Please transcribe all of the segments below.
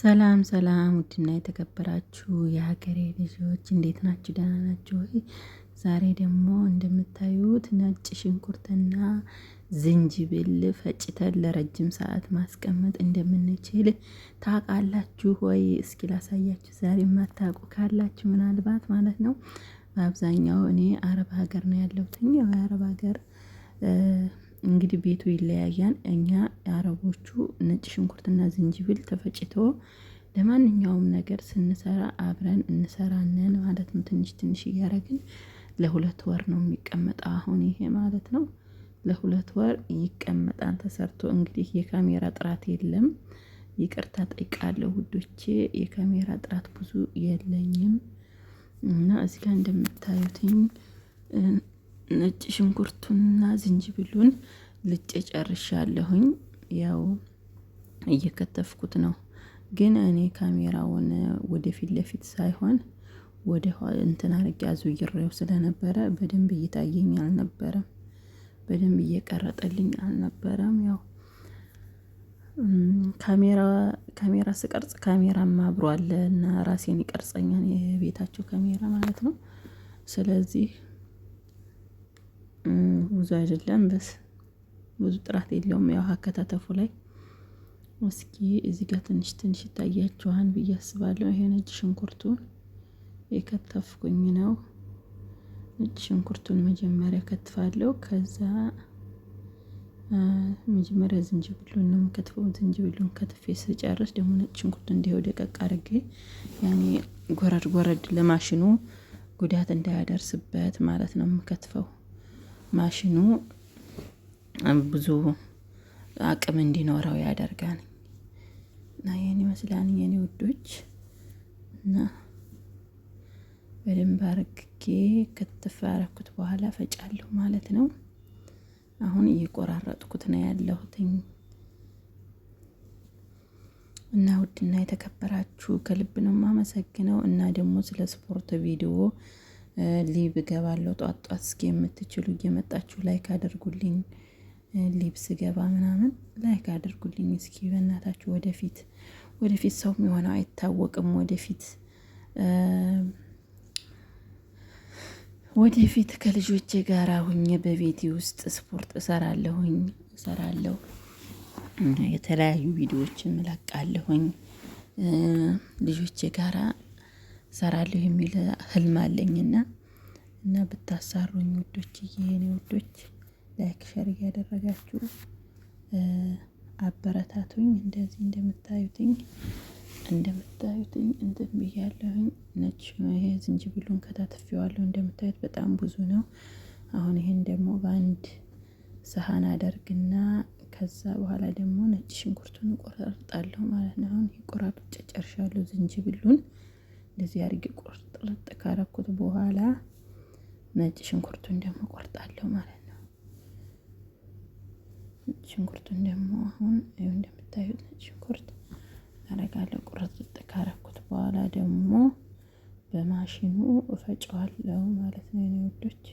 ሰላም ሰላም ውድና የተከበራችሁ የሀገሬ ልጆች እንዴት ናችሁ? ደህና ናችሁ ወይ? ዛሬ ደግሞ እንደምታዩት ነጭ ሽንኩርትና ዝንጅብል ፈጭተን ለረጅም ሰዓት ማስቀመጥ እንደምንችል ታውቃላችሁ ወይ? እስኪ ላሳያችሁ። ዛሬ የማታውቁ ካላችሁ ምናልባት ማለት ነው። በአብዛኛው እኔ አረብ ሀገር ነው ያለሁት። የአረብ ሀገር እንግዲህ ቤቱ ይለያያል። እኛ አረቦቹ ነጭ ሽንኩርትና ዝንጅብል ተፈጭቶ ለማንኛውም ነገር ስንሰራ አብረን እንሰራነን ማለት ነው። ትንሽ ትንሽ እያደረግን ለሁለት ወር ነው የሚቀመጠው። አሁን ይሄ ማለት ነው ለሁለት ወር ይቀመጣል ተሰርቶ። እንግዲህ የካሜራ ጥራት የለም፣ ይቅርታ ጠይቃለሁ ውዶቼ። የካሜራ ጥራት ብዙ የለኝም እና እዚጋ እንደምታዩትኝ ነጭ ሽንኩርቱንና ዝንጅብሉን ልጬ ጨርሻለሁኝ። ያው እየከተፍኩት ነው፣ ግን እኔ ካሜራውን ወደፊት ለፊት ሳይሆን ወደ እንትን አርጌ አዙይሬው ስለነበረ በደንብ እየታየኝ አልነበረም፣ በደንብ እየቀረጠልኝ አልነበረም። ያው ካሜራ ስቀርጽ ካሜራም አብሮ አለ እና ራሴን ይቀርጸኛል፣ የቤታቸው ካሜራ ማለት ነው። ስለዚህ ብዙ አይደለም በስ ብዙ ጥራት የለውም። ያው አከታተፉ ላይ እስኪ እዚህ ጋር ትንሽ ትንሽ ይታያችኋል ብዬ አስባለሁ። ይሄ ነጭ ሽንኩርቱን የከተፍኩኝ ነው። ነጭ ሽንኩርቱን መጀመሪያ ከትፋለሁ። ከዛ መጀመሪያ ዝንጅብሉን ነው የምከትፈው። ዝንጅብሉን ከትፌ ስጨርስ ደግሞ ነጭ ሽንኩርቱ እንዲሁ ደቀቅ አድርጌ ያኔ ጎረድ ጎረድ ለማሽኑ ጉዳት እንዳያደርስበት ማለት ነው የምከትፈው። ማሽኑ ብዙ አቅም እንዲኖረው ያደርጋል። እና የኔ ይመስላል የኔ ውዶች። እና በደንብ አርግጌ ክትፍ ያረኩት በኋላ ፈጫለሁ ማለት ነው። አሁን እየቆራረጥኩት ነው ያለሁትኝ። እና ውድና የተከበራችሁ ከልብ ነው የማመሰግነው። እና ደግሞ ስለ ስፖርት ቪዲዮ ሊብ እገባለሁ ጧት ጧት እስኪ የምትችሉ እየመጣችሁ ላይክ አድርጉልኝ። ሊብ ስገባ ምናምን ላይክ አድርጉልኝ እስኪ በእናታችሁ። ወደፊት ወደፊት ሰው የሆነው አይታወቅም። ወደፊት ወደፊት ከልጆቼ ጋር ሁኜ በቤቴ ውስጥ ስፖርት እሰራለሁኝ እሰራለሁ የተለያዩ ቪዲዮዎችን እለቃለሁኝ ልጆቼ ጋራ ሰራለሁ የሚል ህልም አለኝና እና ብታሳሩኝ ውዶች፣ የኔ ውዶች ላይክ ሸር እያደረጋችሁ አበረታቱኝ። እንደዚህ እንደምታዩትኝ እንደምታዩትኝ እንትን ብያለሁኝ። ነጭ ይሄ ዝንጅብሉን ከታትፌዋለሁ። እንደምታዩት በጣም ብዙ ነው። አሁን ይሄን ደግሞ በአንድ ሰሃን አደርግና ከዛ በኋላ ደግሞ ነጭ ሽንኩርቱን እቆራርጣለሁ ማለት ነው። አሁን ይቆራርጥ ጨርሻለሁ ዝንጅብሉን እንደዚህ አድርጌ ቁርጥርጥ ካረኩት በኋላ ነጭ ሽንኩርቱን ደግሞ ቆርጣለሁ ማለት ነው። ነጭ ሽንኩርቱን ደግሞ አሁን ይኸው እንደምታዩት ነጭ ሽንኩርት አረጋለሁ። ቁርጥ ቁርጥርጥ ካረኩት በኋላ ደግሞ በማሽኑ እፈጨዋለሁ ማለት ነው። የኔ ውዶች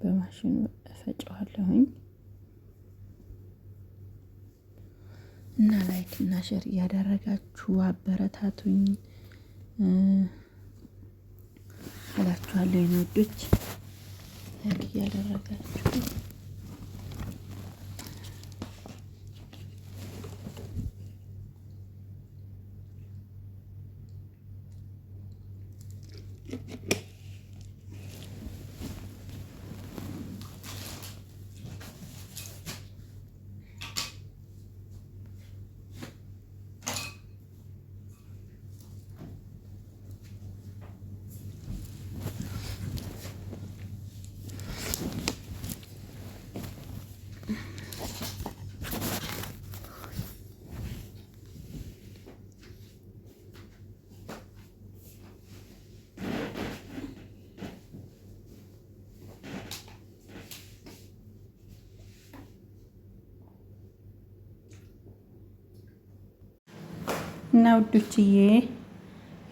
በማሽኑ እፈጨዋለሁኝ እና ላይክ እና ሸር እያደረጋችሁ አበረታቱኝ። እላችኋለሁ የኔ ውዶች ላይክ እያደረጋችሁ Thank እና ውዶችዬ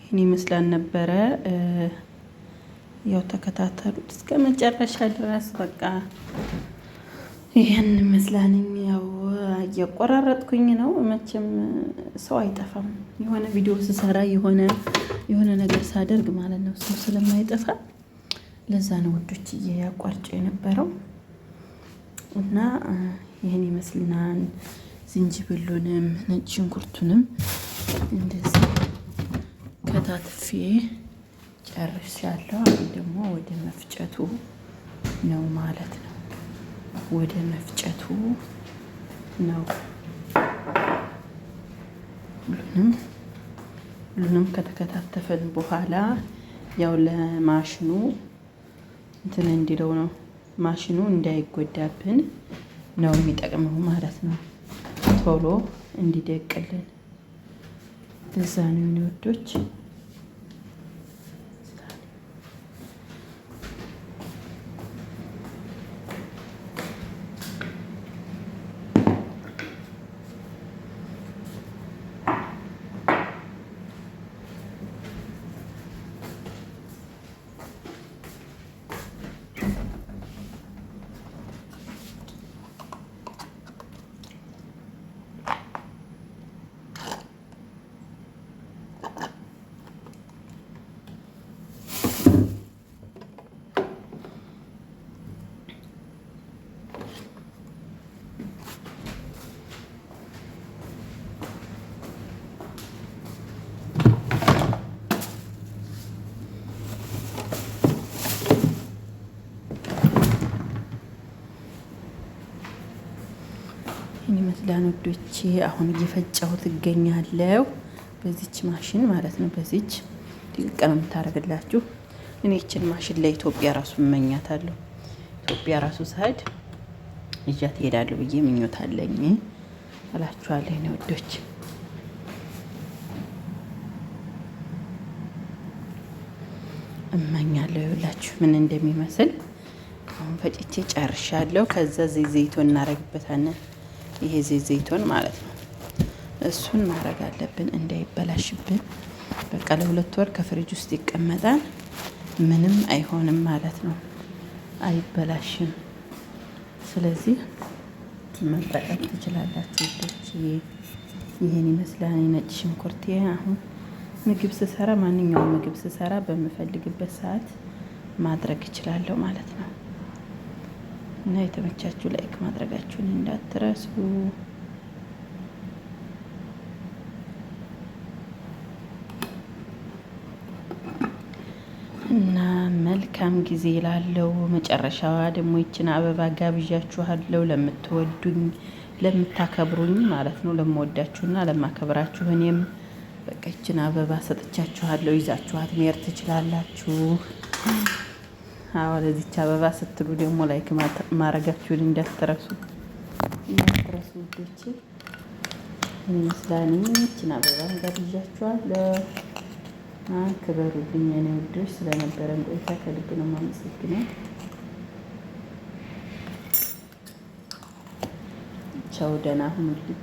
ይህን ይመስላል ነበረ። ያው ተከታተሉት እስከ መጨረሻ ድረስ በቃ ይህን ይመስላል። ያው እያቆራረጥኩኝ ነው። መቼም ሰው አይጠፋም። የሆነ ቪዲዮ ስሰራ የሆነ የሆነ ነገር ሳደርግ ማለት ነው ሰው ስለማይጠፋ ለዛ ነው ውዶችዬ ያቋርጬ የነበረው እና ይህን ይመስልናል። ዝንጅብሉንም ነጭ ሽንኩርቱንም እንደዚህ ከታትፌ ጨርሻለሁ። አሁን ደግሞ ወደ መፍጨቱ ነው ማለት ነው። ወደ መፍጨቱ ነው። ሁሉንም ሁሉንም ከተከታተፈን በኋላ ያው ለማሽኑ እንትን እንዲለው ነው ማሽኑ እንዳይጎዳብን ነው የሚጠቅመው ማለት ነው። ቶሎ እንዲደቅልን እንደዛ ነው የኔ ወዶች። ይህን ይመስላል ወዶቼ። አሁን እየፈጫሁት እገኛለሁ በዚች ማሽን ማለት ነው። በዚች ድቅቅ ነው የምታደርግላችሁ። እኔ ይችን ማሽን ለኢትዮጵያ ራሱ እመኛታለሁ። ኢትዮጵያ ራሱ ሳድ ይዣት እሄዳለሁ ብዬ ምኞታለኝ እላችኋለሁ እኔ ወዶች። እመኛለሁ ይኸውላችሁ ምን እንደሚመስል አሁን ፈጭቼ ጨርሻለሁ። ከዛ ዘይት ዘይቶ እናደርግበታለን ይሄ ዘይቱን ማለት ነው። እሱን ማድረግ አለብን እንዳይበላሽብን። በቃ ለሁለት ወር ከፍሪጅ ውስጥ ይቀመጣል፣ ምንም አይሆንም ማለት ነው፣ አይበላሽም። ስለዚህ መጠቀም ትችላላችሁ። ይህን ይመስላል ነጭ ሽንኩርት አሁን ምግብ ስሰራ ማንኛውም ምግብ ስሰራ በምፈልግበት ሰዓት ማድረግ እችላለሁ ማለት ነው። እና የተመቻችሁ ላይክ ማድረጋችሁን እንዳትረሱ። እና መልካም ጊዜ ላለው መጨረሻዋ ደግሞ ይችን አበባ ጋብዣችኋለሁ። ለምትወዱኝ ለምታከብሩኝ ማለት ነው ለምወዳችሁና ለማከብራችሁ እኔም በቃ ይችን አበባ ሰጥቻችኋለሁ። ይዛችኋት መሄድ ትችላላችሁ። አወደዚች አበባ ስትሉ ደግሞ ላይክ ማድረጋችሁን እንዳትረሱ እንዳትረሱ ውዶቼ። ይመስላል ይችን አበባ ጋብዣችኋለሁ። ክበሩልኝ የኔ ውዶች። ስለነበረን ቆይታ ከልብ ነው የማመሰግነው። ቻው፣ ደህና ሁኑልኝ።